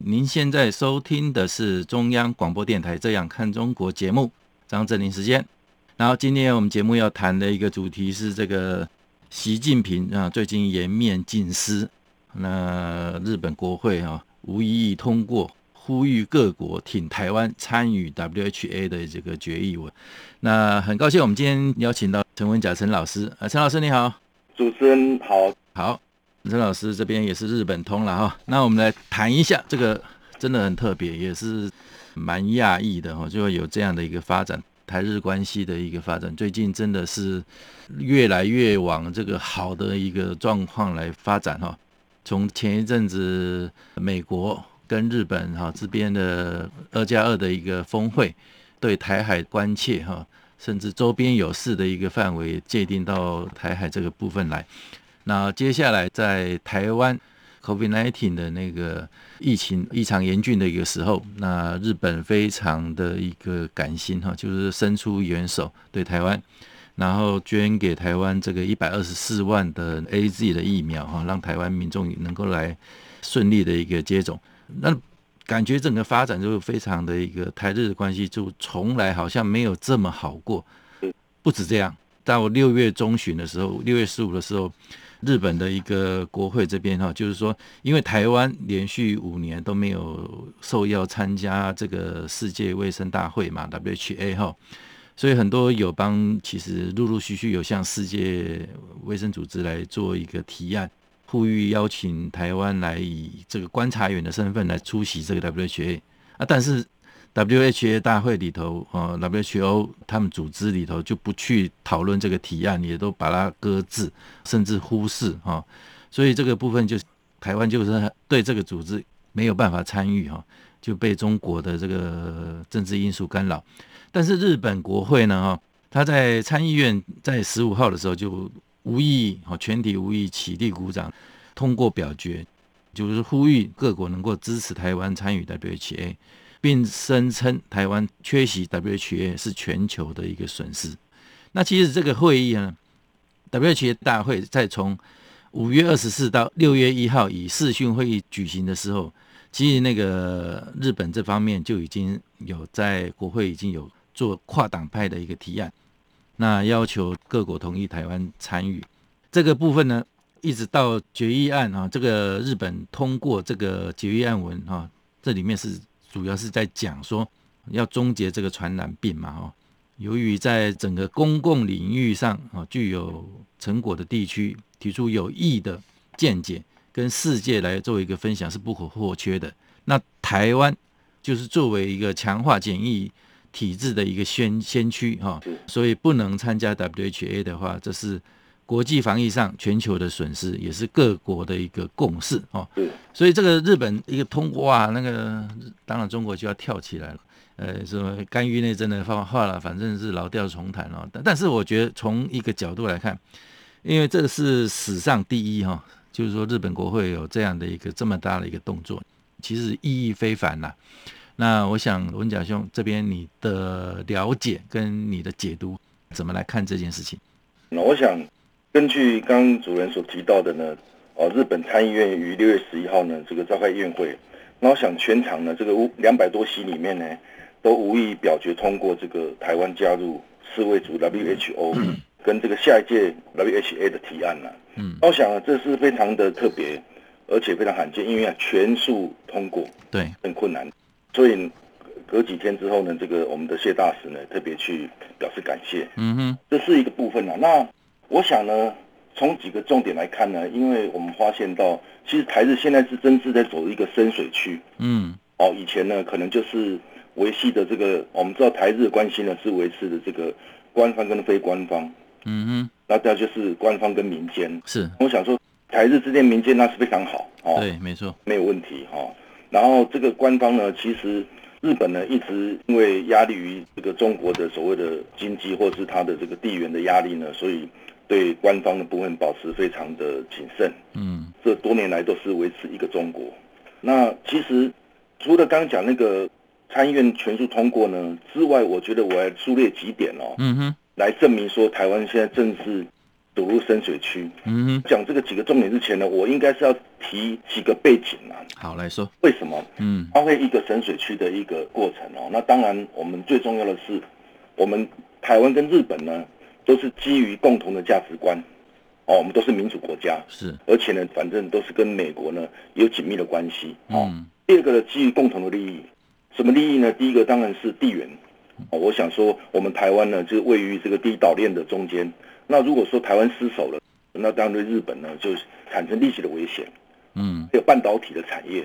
您現在收聽的是中央廣播電台《這樣看中國》節目，張正霖時間。然後，今天我們節目要談的一個主題是這個習近平啊，最近顏面盡失。那日本國會啊，無異議通過呼籲各國挺台灣參與 WHA 的這個決議文。那很高興我們今天邀請到陳文甲陳老師啊，陳老師你好，主持人好，好。陳老師這邊也是日本通了哈，那我們來談一下這個，真的很特別，也是蠻訝異的哈，就會有這樣的一個發展，台日關係的一個發展，最近真的是越來越往這個好的一個狀況來發展哈。從前一陣子美國跟日本哈這邊的二加二的一個峰會，對台海關切哈，甚至周邊有事的一個範圍界定到台海這個部分來。那接下來在台灣 COVID-19 的那個疫情異常嚴峻的一個時候，那日本非常的一個感心，哈，就是伸出援手對台灣，然後捐給台灣這個一百二十四萬的 AZ 的疫苗哈，讓台灣民眾能夠來順利的一個接種。那感覺整個發展就是非常的一個台日的關係就從來好像沒有這麼好過。不止這樣，到六月中旬的時候，六月十五的時候。日本的一個國會這邊哈，就是說，因為台灣連續五年都沒有受邀參加這個世界衛生大會嘛 （W H A） 哈，WHO, 所以很多友邦其實陸陸續續有向世界衛生組織來做一個提案，呼籲邀請台灣來以這個觀察員的身份來出席這個 W H A 啊，但是。WHA 大會裡頭，呃，WHO 他們組織裡頭就不去討論這個提案，也都把它擱置，甚至忽視哈。所以這個部分就是台灣就是對這個組織沒有辦法參與哈，就被中國的這個政治因素干擾。但是日本國會呢哈，他在參議院在十五號的時候就無異議，全體無異議起立鼓掌通過表決，就是呼籲各國能夠支持台灣參與 WHA。並聲稱台灣缺席 WHA 是全球的一個損失。那其實這個會議啊，WHA 大會在從五月二十四到六月一號以視訊會議舉行的時候，其實那個日本這方面就已經有在國會已經有做跨黨派的一個提案，那要求各國同意台灣參與這個部分呢，一直到決議案啊，這個日本通過這個決議案文啊，這裡面是。主要是在講說，要終結這個傳染病嘛、哦，由於在整個公共領域上，哦、啊，具有成果的地區提出有益的見解，跟世界來作為一個分享是不可或缺的。那台灣就是作為一個強化檢疫體制的一個先先驅，哈、啊。所以不能參加 WHA 的話，這是。國際防疫上，全球的損失也是各國的一個共識哦。嗯、所以這個日本一個通過啊，那個當然中國就要跳起來了，呃，什麼干預內政的話話了，反正是老調重彈了、哦。但但是我覺得從一個角度來看，因為這是史上第一哈、哦，就是說日本國會有這樣的一個這麼大的一個動作，其實意義非凡呐、啊。那我想文甲兄這邊你的了解跟你的解讀，怎麼來看這件事情？那、嗯、我想。根據剛，剛主任所提到的呢，哦，日本參議院於六月十一號呢，這個召開議院會。那我想全場呢，這個兩百多席裡面呢，都無異議表決通過這個台灣加入世衛組 WHO 跟這個下一屆 WHA 的提案呢，嗯，我想啊，這是非常的特別，而且非常罕見，因為啊全數通過，對，很困難，所以隔幾天之後呢，這個我們的謝大使呢特別去表示感謝，嗯哼，這是一個部分啊，那。我想呢，從幾個重點來看呢，因為我們發現到，其實台日現在是真正在走一個深水區。嗯，哦，以前呢，可能就是維繫的這個，我們知道台日關心的關係呢，是維持的這個官方跟非官方。嗯哼，那再就是官方跟民間。是，我想說，台日之間民間那是非常好。哦，對，沒錯，沒有問題哈、哦。然後這個官方呢，其實日本呢一直因為壓力於這個中國的所謂的經濟，或者是它的這個地緣的壓力呢，所以。對官方的部分保持非常的謹慎，嗯，這多年來都是維持一個中國。那其實除了剛剛講那個參議院全數通過呢之外，我覺得我要數列幾點哦，嗯哼，來證明說台灣現在正式堵入深水區，嗯哼，講這個幾個重點之前呢，我應該是要提幾個背景啊。好，來說為什麼嗯，它會一個深水區的一個過程哦。那當然，我們最重要的是，我們台灣跟日本呢，都是基於共同的價值觀，哦，我們都是民主國家，是，而且呢，反正都是跟美國呢有緊密的關係，哦。嗯、第二個呢，基於共同的利益，什麼利益呢？第一個當然是地緣，哦，我想說我們台灣呢就是、位於這個第一島鏈的中間，那如果說台灣失守了，那當然對日本呢就產生立即的危險，嗯，還有半導體的產業。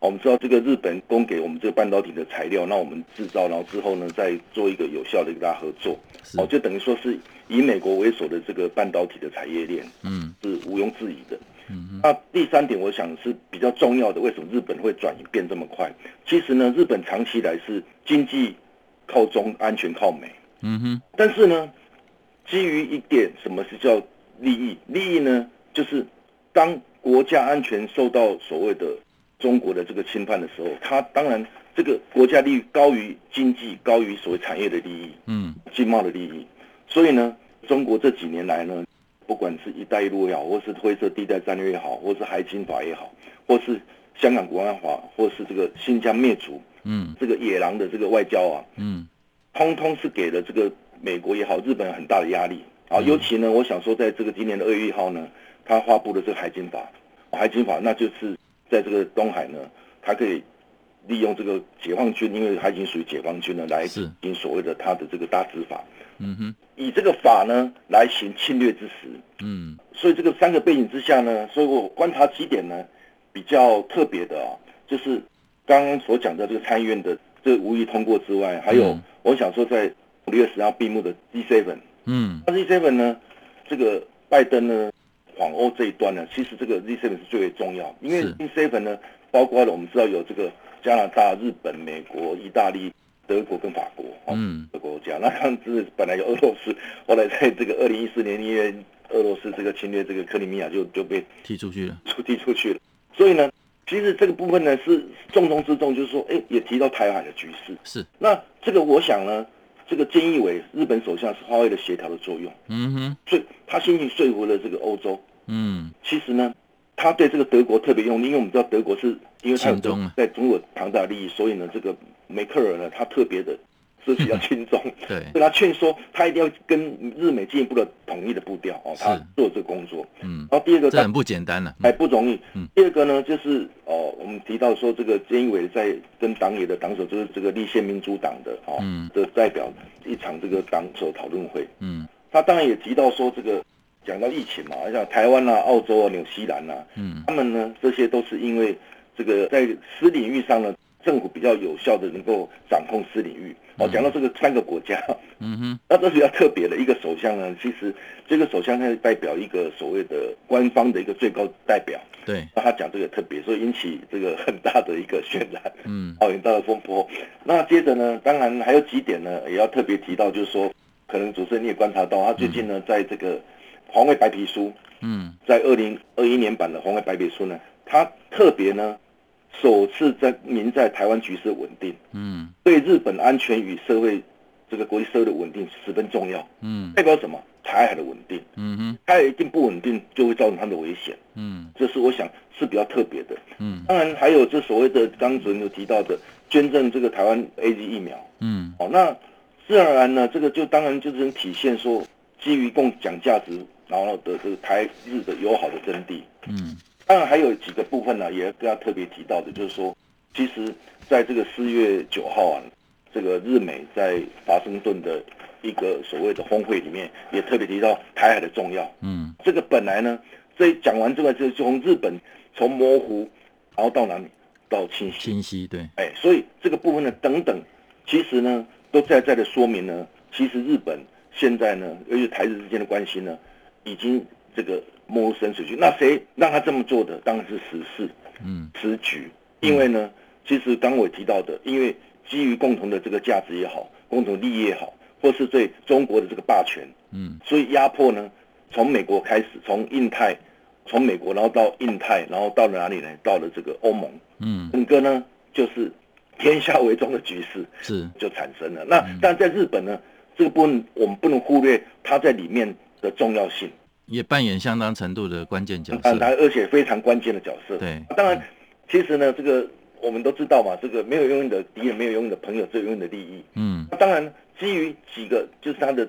我們知道這個日本供給我們這個半導體的材料，那我們製造，然後之後呢，再做一個有效的一個大合作。哦，就等於說是以美國為首的這個半導體的產業鏈，嗯，是毋庸置疑的。嗯嗯。那第三點，我想是比較重要的。為什麼日本會轉移變這麼快？其實呢，日本長期來是經濟靠中，安全靠美。嗯哼。但是呢，基於一點，什麼是叫利益？利益呢，就是當國家安全受到所謂的。中國的這個侵犯的時候，他當然這個國家利益高於經濟，高於所謂產業的利益，嗯，經貿的利益。所以呢，中國這幾年來呢，不管是一帶一路也好，或是灰色地帶戰略也好，或是海警法也好，或是香港國安法，或是這個新疆滅族，嗯，這個野狼的這個外交啊，嗯，通通是給了這個美國也好，日本很大的壓力。啊，尤其呢，嗯、我想說，在這個今年的二月一號呢，他發布了這個海警法，海警法那就是。在這個東海呢，他可以利用這個解放軍，因為他已經屬於解放軍了，來進行所謂的他的這個大執法。嗯哼，以這個法呢來行侵略之實。嗯，所以這個三個背景之下呢，所以我觀察幾點呢比較特別的啊、哦，就是剛剛所講到這個參議院的這無異通過之外，還有我想說在六月十號閉幕的 G7。嗯，那 G7 呢，這個拜登呢？廣歐這一端呢，其實這個 G7 是最為重要的，因為 G7 呢，包括了我們知道有這個加拿大、日本、美國、意大利、德國跟法國，嗯，的國家，那他們是本來有俄羅斯，後來在這個二零一四年因為俄羅斯這個侵略這個克里米亞就就被踢出去了，就踢出去了。所以呢，其實這個部分呢是重中之重，就是說，哎、欸，也提到台海的局勢。是，那這個我想呢。這個菅義偉，日本首相是發揮了協調的作用，嗯哼，所以他先去說服了這個歐洲，嗯，其實呢，他對這個德國特別用力，因為我們知道德國是因為他有在中國龐大利益，所以呢，這個梅克爾呢，他特別的。是比較慎重，對，對他勸說他一定要跟日美進一步的統一的步調哦，他做這個工作，嗯，然後第二個這很不簡單呢、啊？哎，不容易。嗯，第二個呢，就是哦，我們提到說這個，菅義偉在跟黨內的黨首，就是這個立憲民主黨的哦、嗯、的代表一場這個黨首討論會，嗯，他當然也提到說這個講到疫情嘛，像台灣啊、澳洲啊、紐西蘭啊，嗯，他們呢這些都是因為這個在私領域上呢。政府比較有效的能夠掌控私領域、嗯、哦。講到這個三個國家，嗯哼，那這是比較特別的。一個首相呢，其實這個首相呢代表一個所謂的官方的一個最高代表，對。那、啊、他講這個特別，所以引起這個很大的一個渲染，嗯，奧運大的風波。那接着呢，當然還有幾點呢，也要特別提到，就是說，可能主持人你也觀察到，他最近呢，嗯、在這個黃衛白皮書，嗯，在二零二一年版的黃衛白皮書呢，他特別呢。首次在民在台灣局勢穩定，嗯，對日本安全與社會這個國際社會的穩定十分重要，嗯，代表什麼？台海的穩定，嗯，它一定不穩定就會造成它的危險，嗯，這是我想是比較特別的，嗯，當然還有這所謂的張主任有提到的捐贈這個台灣 AZ 疫苗，嗯，好、哦，那自然而然呢，這個就當然就是能體現說基於共享價值，然後的這個台日的友好的真諦，嗯。當然還有幾個部分呢、啊，也要特別提到的，就是說，其實在這個四月九號啊，這個日美在華盛頓的一個所謂的峰會裡面，也特別提到台海的重要。嗯，這個本來呢，這講完之後就從日本從模糊然後到哪裡到清晰，清晰對，哎、欸，所以這個部分呢，等等，其實呢，都在在的說明呢，其實日本現在呢，由於台日之間的關係呢，已經這個。陌生水區，那誰讓他這麼做的？當然是時事。嗯，時局。因為呢，嗯、其實剛我提到的，因為基於共同的這個價值也好，共同利益也好，或是對中國的這個霸權，嗯，所以壓迫呢，從美國開始，從印太，從美國然後到印太，然後到了哪裡呢？到了這個歐盟，嗯，整個呢就是天下為中的局勢是就產生了。那、嗯、但在日本呢，這個、部分我們不能忽略它在裡面的重要性。也扮演相當程度的關鍵角色，而且非常關鍵的角色。對，當然，嗯、其實呢，這個我們都知道嘛，這個沒有永遠的敵人，沒有永遠的朋友，只有永遠的利益。嗯，當然，基於幾個，就是他的，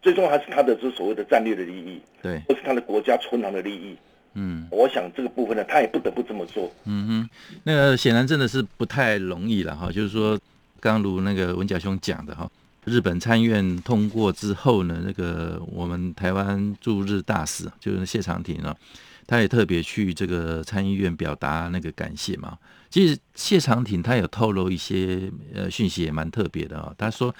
最終還是他的，就是所謂的戰略的利益，對，或是他的國家、存亡的利益。嗯，我想這個部分呢，他也不得不這麼做。嗯哼，那顯然真的是不太容易了哈，就是說，剛如那個文甲兄講的哈。日本參議院通過之後呢，那個我們台灣駐日大使就是謝長廷啊、哦，他也特別去這個參議院表達那個感謝嘛。其實謝長廷他有透露一些呃訊息，也蠻特別的啊、哦。他說，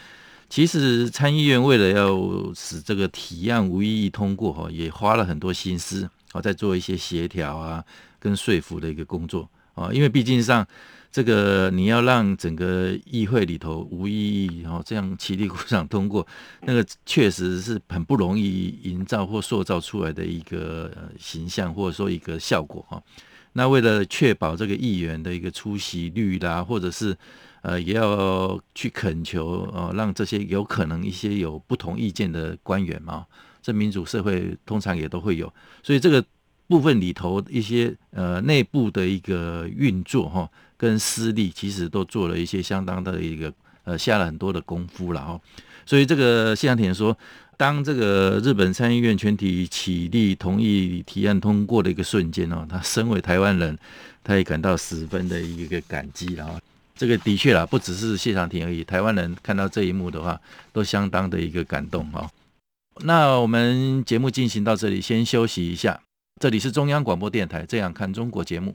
其實參議院為了要使這個提案無異議通過哈、哦，也花了很多心思啊、哦，在做一些協調啊跟說服的一個工作啊、哦，因為畢竟上。這個你要讓整個議會裡頭無異議，然後、哦這樣起立鼓掌通過，那個確實是很不容易營造或塑造出來的一個形象，或者說一個效果哈、哦。那為了確保這個議員的一個出席率啦、啊，或者是呃，也要去懇求哦，讓這些有可能一些有不同意見的官員嘛，這民主社會通常也都會有，所以這個。部分裡頭一些呃內部的一個運作哈、哦，跟私利其實都做了一些相當的一個呃，下了很多的功夫了哦。所以這個謝長廷說，當這個日本參議院全體起立同意提案通過的一個瞬間哦，他身為台灣人，他也感到十分的一個感激了啊，這個的確啦，不只是謝長廷而已，台灣人看到這一幕的話，都相當的一個感動哈、哦。那我們節目進行到這裡，先休息一下。這裡是中央廣播電台《這樣看中國》節目。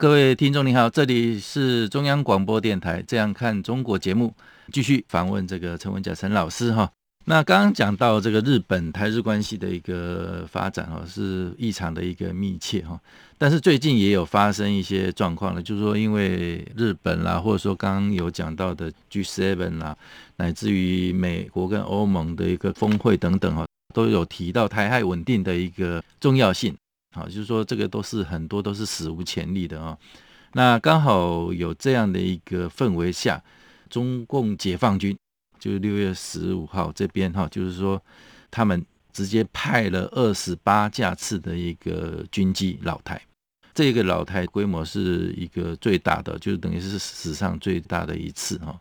各位聽眾您好，這裡是中央廣播電台《這樣看中國》節目，繼續訪問這個陳文甲陳老師哈。那剛剛講到這個日本台日關係的一個發展哈，是異常的一個密切哈，但是最近也有發生一些狀況了，就是說因為日本啦，或者說剛剛有講到的 G7 啦，乃至於美國跟歐盟的一個峰會等等哈，都有提到台海穩定的一個重要性。啊，就是說這個都是很多都是史無前例的啊、哦。那剛好有這樣的一個氛圍下，中共解放軍就六月十五號這邊哈、哦，就是說他們直接派了二十八架次的一個軍機擾台，這個擾台規模是一個最大的，就是等於是史上最大的一次啊、哦。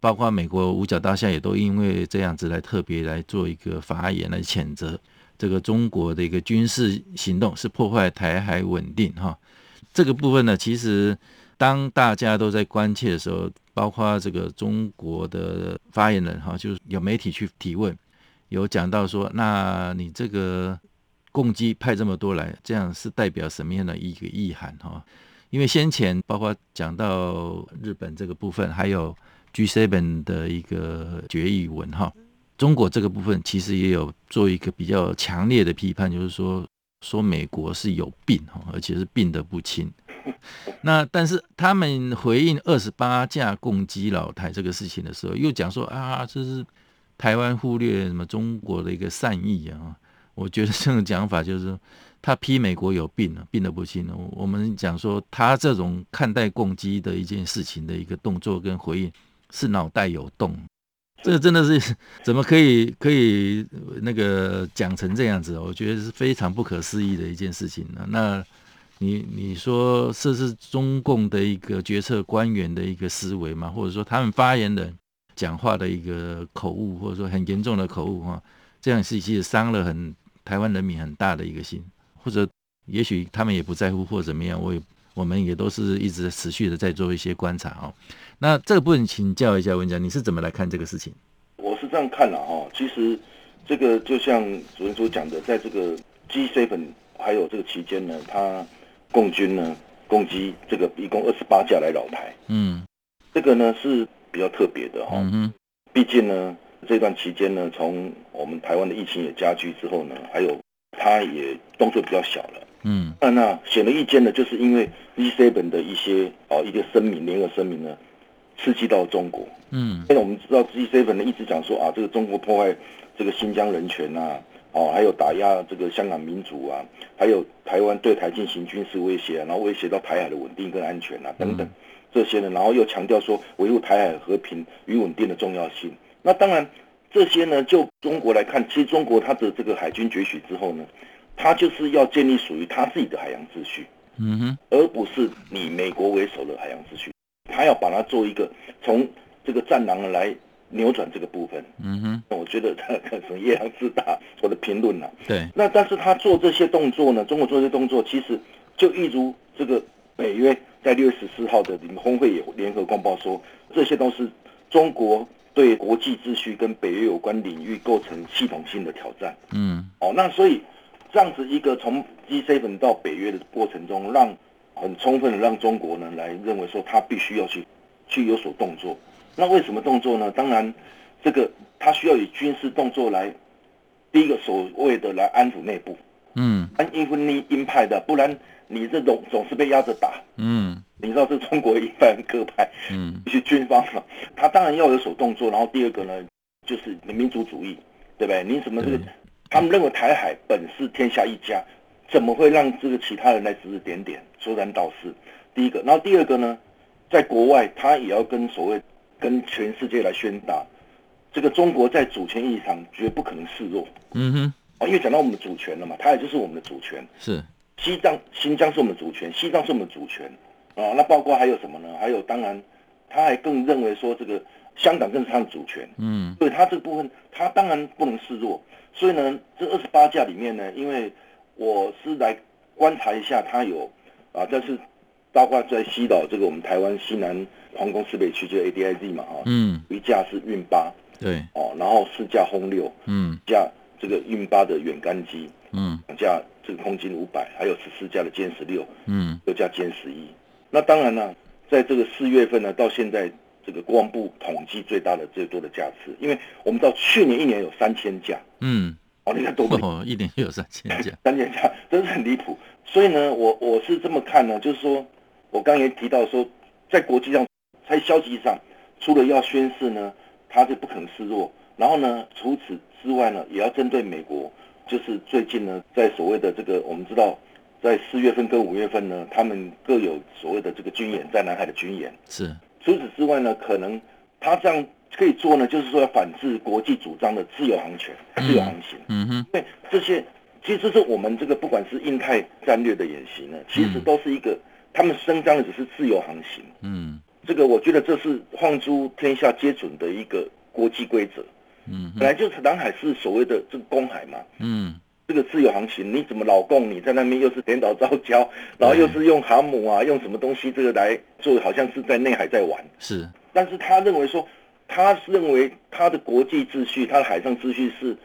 包括美國五角大廈也都因為這樣子來特別來做一個發言來譴責。這個中國的一個軍事行動是破壞台海穩定，哈，這個部分呢，其實當大家都在關切的時候，包括這個中國的發言人哈，就是有媒體去提問，有講到說，那你這個共機派這麼多來，這樣是代表什麼樣的一個意涵哈？因為先前包括講到日本這個部分，還有 G7 的一個決議文哈。中國這個部分其實也有做一個比較強烈的批判，就是說說美國是有病，而且是病得不輕。那但是他們回應二十八架共機擾台這個事情的時候，又講說啊，這是台灣忽略什麼中國的一個善意啊。我覺得這種講法就是他批美國有病啊，病得不輕。我，我們講說他這種看待共機的一件事情的一個動作跟回應，是腦袋有洞。這真的是怎麼可以可以那個講成這樣子？我覺得是非常不可思議的一件事情啊！那你，你你說這是中共的一個決策官員的一個思維嘛？或者說他們發言人講話的一個口誤，或者說很嚴重的口誤哈，這樣是其實傷了很台灣人民很大的一個心，或者也許他們也不在乎或者怎麼樣，我也。我們也都是一直持續的在做一些觀察哦，那這個部分請教一下文甲，你，你是怎麼來看這個事情？我是這樣看了哈、哦。其實這個就像主任所講的，在這個 G7 峰會還有這個期間呢，他共軍呢共機這個一共二十八架來擾台，嗯，這個呢是比較特別的哈、哦嗯。畢竟呢這段期間呢，從我們台灣的疫情也加劇之後呢，還有他也動作比較小了。嗯，啊、那那顯而易見的就是因為 G7 的一些啊、哦、一個聲明聯合聲明呢，刺激到中國。嗯，現在我們知道 G7 呢一直講說啊，這個中國破壞這個新疆人權吶、啊，哦、啊，還有打壓這個香港民主啊，還有台灣對台進行軍事威脅，啊，然後威脅到台海的穩定跟安全啊等等、嗯、這些呢，然後又強調說維護台海和平與穩定的重要性。那當然這些呢，就中國來看，其實中國它的這個海軍崛起之後呢。他就是要建立屬於他自己的海洋秩序，嗯哼，而不是以美國為首的海洋秩序。他要把它做一個從這個戰狼來扭轉這個部分，嗯哼。我覺得他可能夜郎自大，我的評論啊。對。那但是他做這些動作呢，中國做這些動作，其實就一如這個北約在六月十四號的聯峰會有聯合公報說，這些都是中國對國際秩序跟北約有關領域構成系統性的挑戰。嗯。哦，那所以。這樣子一個從 G7 到北約的過程中，讓很充分的讓中國呢來認為說他必須要去去有所動作。那為什麼動作呢？當然，這個他需要以軍事動作來第一個所謂的來安撫內部，嗯，安撫呢鷹派的，不然你這種總是被壓着打，嗯，你知道這中國一般各派，嗯，一些軍方嘛，他當然要有所動作。然後第二個呢，就是民族主義，對不對？你什麼這個。嗯他們認為台海本是天下一家，怎麼會讓這個其他人來指指點點、說三道四？第一個，然後第二個呢？在國外，他也要跟所謂、跟全世界來宣達，這個中國在主權意義上絕不可能示弱。嗯哼，啊、哦，因為講到我們的主權了嘛，台海就是我們的主權。是，西藏、新疆是我們的主權，西藏是我們的主權，啊、哦，那包括還有什麼呢？還有，當然，他還更認為說這個。香港更是他的主權，嗯，所以他這個部分，他當然不能示弱，所以呢，這二十八架裡面呢，因為我是來觀察一下，它有啊，但是包括在西島這個我們台灣西南防空識別區，就 ADIZ 嘛，啊、嗯，一架是運八，對，哦，然後四架轟六，嗯，一架這個運八的遠干機，嗯，兩架這個空軍五百，還有十四架的殲十六，嗯，又加殲十一。那當然呢，在這個四月份呢，到現在。這個國防部統計最大的最多的架次，因為我們知道去年一年有三千架，嗯，哦，你看多哦，一年有三千架，三千架真是很離譜。所以呢，我我是這麼看呢，就是說我剛剛也提到說，在國際上，在消息上，除了要宣示呢，他是不肯示弱，然後呢，除此之外呢，也要針對美國，就是最近呢，在所謂的這個，我們知道，在四月份跟五月份呢，他們各有所謂的這個軍演，在南海的軍演是。除此之外呢，可能他這樣可以做呢，就是說要反制國際主張的自由航權、嗯、自由航行。嗯哼，因為這些，其實是我們這個不管是印太戰略的演習呢，其實都是一個、嗯、他們伸張的只是自由航行。嗯，這個我覺得這是放諸天下皆準的一個國際規則。嗯，本來就是南海是所謂的這個公海嘛。嗯。這個自由航行，你怎麼老共你在那邊又是填島造礁，然後又是用航母啊，用什麼東西這個來做，好像是在內海在玩。是，但是他認為說，他認為他的國際秩序，他的海上秩序是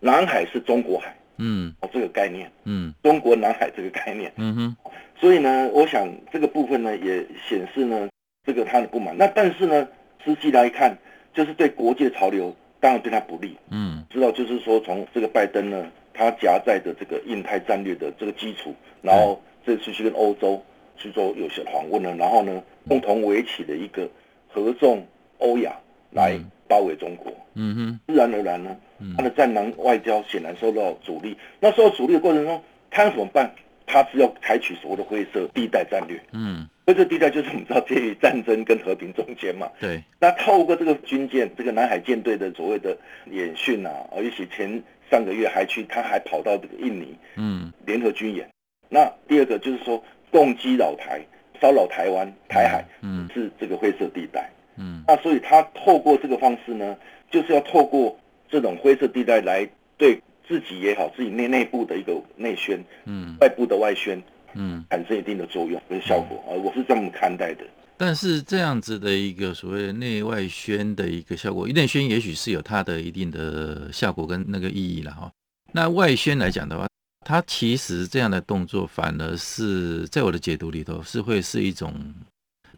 南海是中國海。嗯，哦，這個概念，嗯，中國南海這個概念。嗯哼。所以呢，我想這個部分呢也顯示呢，這個他的不滿。那但是呢，實際來看，就是對國際的潮流當然對他不利。嗯，知道就是說從這個拜登呢。他夾在的這個印太戰略的這個基礎，然後這次去跟歐洲去做有些訪問了，然後呢，共同圍起了一個合縱歐亞來包圍中國。嗯，嗯哼，自然而然呢，他的戰狼外交顯然受到阻力。那受到阻力的過程中，他要怎麼辦？他是要採取所謂的灰色地帶戰略。嗯，灰色地帶就是我們知道介於戰爭跟和平中間嘛。對，那透過這個軍艦，這個南海艦隊的所謂的演訓啊，而一些前。上個月還去，他還跑到這個印尼，嗯，聯合軍演，嗯。那第二個就是說，攻擊老台，騷擾台灣、台海，嗯，是這個灰色地帶，嗯。那所以他透過這個方式呢，就是要透過這種灰色地帶來對自己也好，自己內內部的一個內宣，嗯，外部的外宣，嗯，產生一定的作用跟效果。而、嗯、我是這麼看待的。但是這樣子的一個所謂內外宣的一個效果，內宣也許是有它的一定的效果跟那個意義了哈。那外宣來講的話，它其實這樣的動作反而是在我的解讀裡頭是會是一種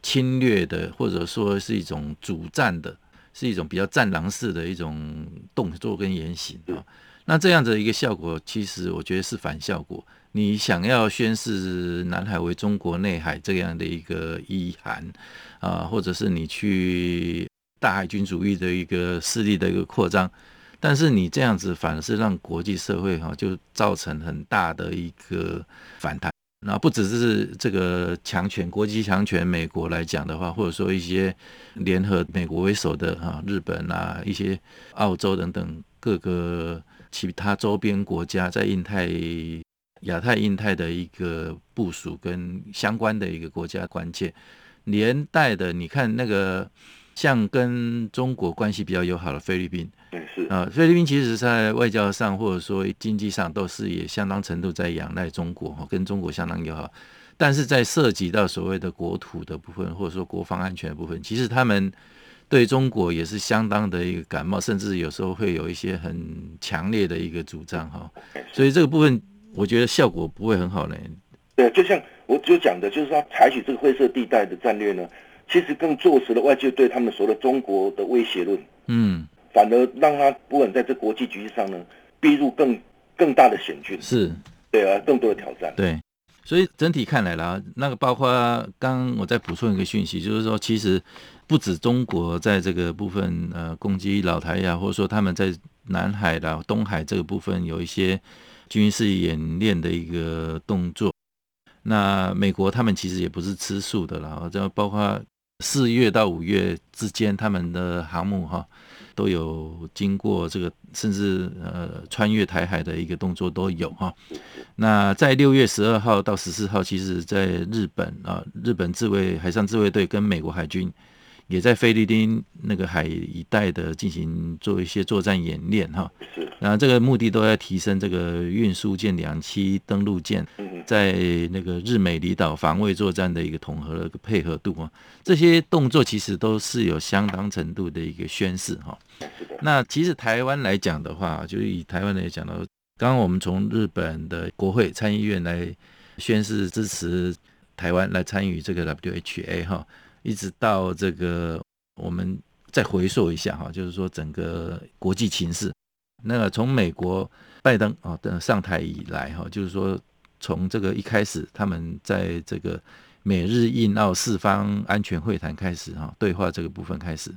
侵略的，或者說是一種主戰的，是一種比較戰狼式的一種動作跟言行啊。那這樣子的一個效果，其實我覺得是反效果。你想要宣示南海為中國內海這樣的一個意涵啊，或者是你去大海軍主義的一個勢力的一個擴張，但是你這樣子反而是讓國際社會哈、啊、就造成很大的一個反彈。那不只是這個強權國際強權美國來講的話，或者說一些聯合美國為首的哈、啊、日本啊一些澳洲等等各個其他周邊國家在印太，亞太、印太的一個部署跟相關的一個國家關切，連帶的，你看那個像跟中國關係比較友好的菲律賓，啊、呃，菲律賓其實，在外交上或者說經濟上，都是也相當程度在仰賴中國哈，跟中國相當友好，但是在涉及到所謂的國土的部分或者說國防安全的部分，其實他們對中國也是相當的一個感冒，甚至有時候會有一些很強烈的一個主張哈，所以這個部分。我覺得效果不會很好嘞。對，就像我就講的，就是說他採取這個灰色地帶的戰略呢，其實更坐實了外界對他們所謂的中國的威脅論。嗯，反而讓他不管在這國際局勢上呢，逼入更更大的險境。是，對啊，更多的挑戰。對，所以整體看來啦，那個包括剛剛我再補充一個訊息，就是說其實不止中國在這個部分呃攻擊老台呀、啊、或者說他們在南海啦、東海這個部分有一些。軍事演練的一個動作，那美國他們其實也不是吃素的啦，然後包括四月到五月之間，他們的航母哈都有經過這個，甚至呃穿越台海的一個動作都有哈。那在六月十二號到十四號，其實在日本啊，日本自衛海上自衛隊跟美國海軍。也在菲律賓那個海一帶的進行做一些作戰演練哈，然後這個目的都在提升這個運輸艦、兩棲登陸艦在那個日美離島防衛作戰的一個統合的配合度啊，這些動作其實都是有相當程度的一個宣示哈。那其實台灣來講的話，就是以台灣來講到，剛剛我們從日本的國會參議院來宣示支持台灣來參與這個 WHA 哈。一直到這個，我們再回溯一下哈，就是說整個國際情勢。那個、從美國拜登啊上台以來哈，就是說從這個一開始，他們在這個美日印澳四方安全會談開始哈，對話這個部分開始，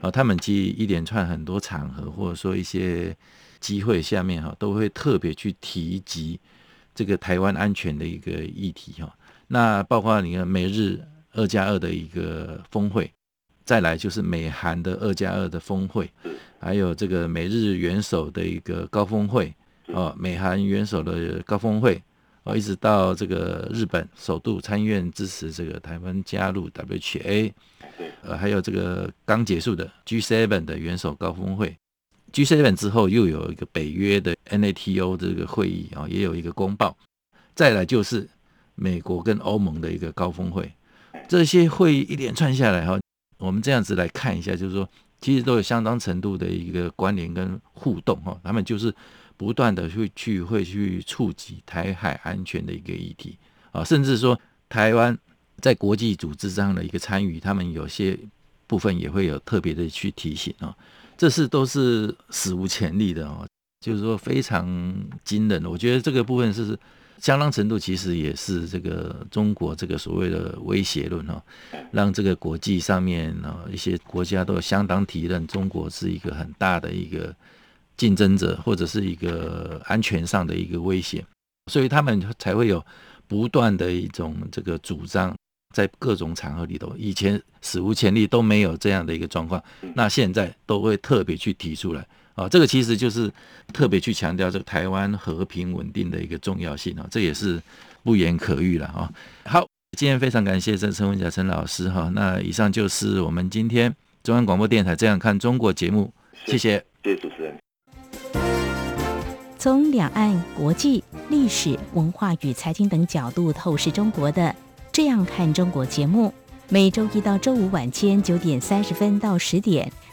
啊，他們其實一連串很多場合或者說一些機會下面哈，都會特別去提及這個台灣安全的一個議題哈。那包括你看美日。二加二的一個峰會，再來就是美韓的二加二的峰會，還有這個美日元首的一個高峰會，啊，美韓元首的高峰會，啊，一直到這個日本首度參院支持這個台灣加入 WHA，呃、啊，還有這個剛結束的 G7 的元首高峰會，G7 之後又有一個北約的 NATO 這個會議啊，也有一個公報，再來就是美國跟歐盟的一個高峰會。這些會議一連串下來哈、哦，我們這樣子來看一下，就是說，其實都有相當程度的一個關聯跟互動哈、哦。他們就是不斷的會去會去觸及台海安全的一個議題啊、哦，甚至說台灣在國際組織上的一個參與，他們有些部分也會有特別的去提醒啊、哦。這是都是史無前例的哦，就是說非常驚人的。我覺得這個部分是。相當程度其實也是這個中國這個所謂的威脅論哦，讓這個國際上面啊、哦、一些國家都相當體認中國是一個很大的一個競爭者，或者是一個安全上的一個威脅，所以他們才會有不斷的一種這個主張，在各種場合裡頭，以前史無前例都沒有這樣的一個狀況，那現在都會特別去提出來。啊、哦，這個其實就是特別去強調這個台灣和平穩定的一個重要性啊、哦，這也是不言可喻了哈、哦，好，今天非常感謝這陳文甲陳老師哈、哦。那以上就是我們今天中央廣播電台這樣看中國節目，謝謝，謝謝主持人。從兩岸、國際、歷史、文化與財經等角度透視中國的這樣看中國節目，每周一到周五晚間九點三十分到十點。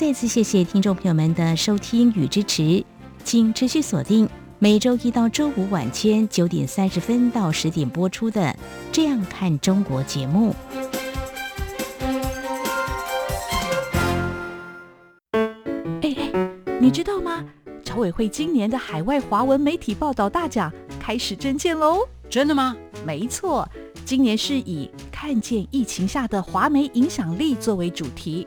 再次謝謝聽眾朋友們的收聽與支持，請持續鎖定每周一到周五晚間九點三十分到十點播出的《這樣看中國》節目。哎哎，你知道嗎？僑委會今年的海外華文媒體報道大獎開始徵件嘍！真的嗎？沒錯，今年是以“看見疫情下的華媒影響力”作為主題。